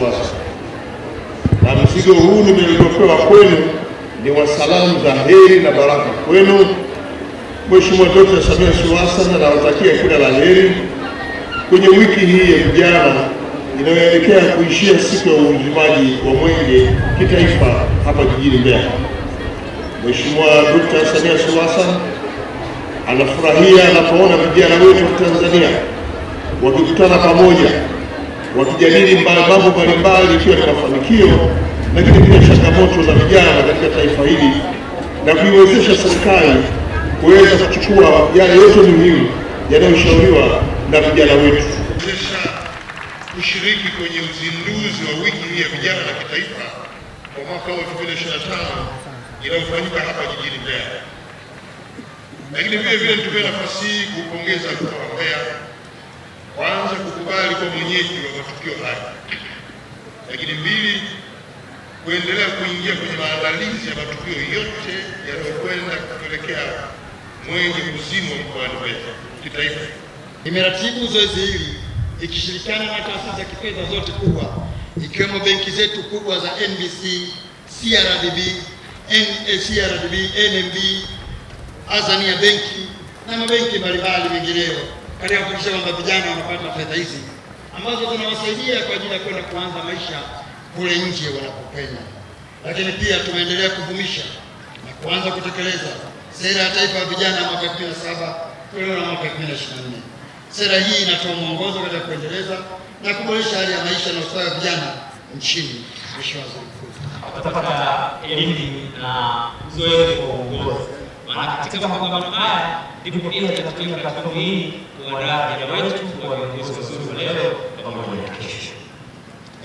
sasa, na mzigo huu niliopewa kwenu ni wa salamu za heri na baraka kwenu. Mheshimiwa Dkt. Samia Suluhu Hassan anawatakia kila la heri kwenye wiki hii ya vijana inayoelekea kuishia siku ya uuzimaji wa mwenge kitaifa hapa jijini Mbeya. Mheshimiwa Dkt. Samia Suluhu Hassan anafurahia anapoona vijana wetu wa Tanzania wakikutana pamoja wakijadili mambo mbalimbali, ikiwa ni mafanikio lakini pia changamoto za vijana katika taifa hili na kuiwezesha serikali kuweza kuchukua yale yote muhimu yanayoshauriwa na vijana wetu kushiriki kwenye uzinduzi wa wiki hii ya vijana na kitaifa kwa mwaka 2025 inayofanyika hapa jijini Mbeya. Lakini vile vile nitumia nafasi hii kuupongeza mkoa wa Mbeya kwanza kukubali kwa mwenyeji matukio haya, lakini mbili, kuendelea kuingia kwenye maandalizi ya matukio yote yanayokwenda kupelekea mwenye kuzimwa mkoani wetu kitaifa. Imeratibu zoezi hili ikishirikiana na taasisi za kifedha zote kubwa ikiwemo benki zetu kubwa za NBC, CRDB, CRDB, NMB, Azania benki na mabenki mbalimbali mengineyo katika kuhakikisha kwamba vijana wanapata fedha hizi ambazo zinawasaidia kwa ajili ya kwenda kuanza maisha kule nje wanapopenda. Lakini pia tumeendelea kuvumisha na kuanza kutekeleza sera ya taifa ya vijana ya mwaka 2017 toleo la mwaka 2024. Sera hii inatoa mwongozo katika kuendeleza na kuboresha hali ya maisha na ustawi wa vijana nchini. Mheshimiwa Waziri Mkuu, watapata elimu na uzoefu wa uongozi maana katika makongamano haya ndipo pia tutatumia platform hii kuandaa vijana wetu kuwa viongozi wazuri wa leo pamoja na kesho.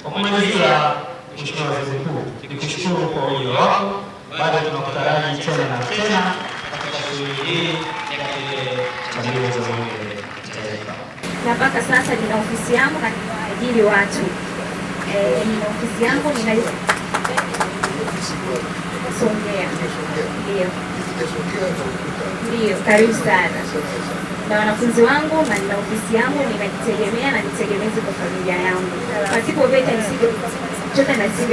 Kwa kumalizia, Mheshimiwa Waziri Mkuu, nikushukuru kwa ujio wako, bado tunakutaraji tena na tena katika shughuli hii ya kilele cha mbio za Bunge Taifa. Na mpaka sasa nina ofisi yangu na ninaajiri watu nina ofisi yangu nina Songea ndio ndiyo karibu sana na wanafunzi wangu na nina ofisi yangu, ninajitegemea na nitegemezi kwa familia yangu, pasipo VETA nisinge choka na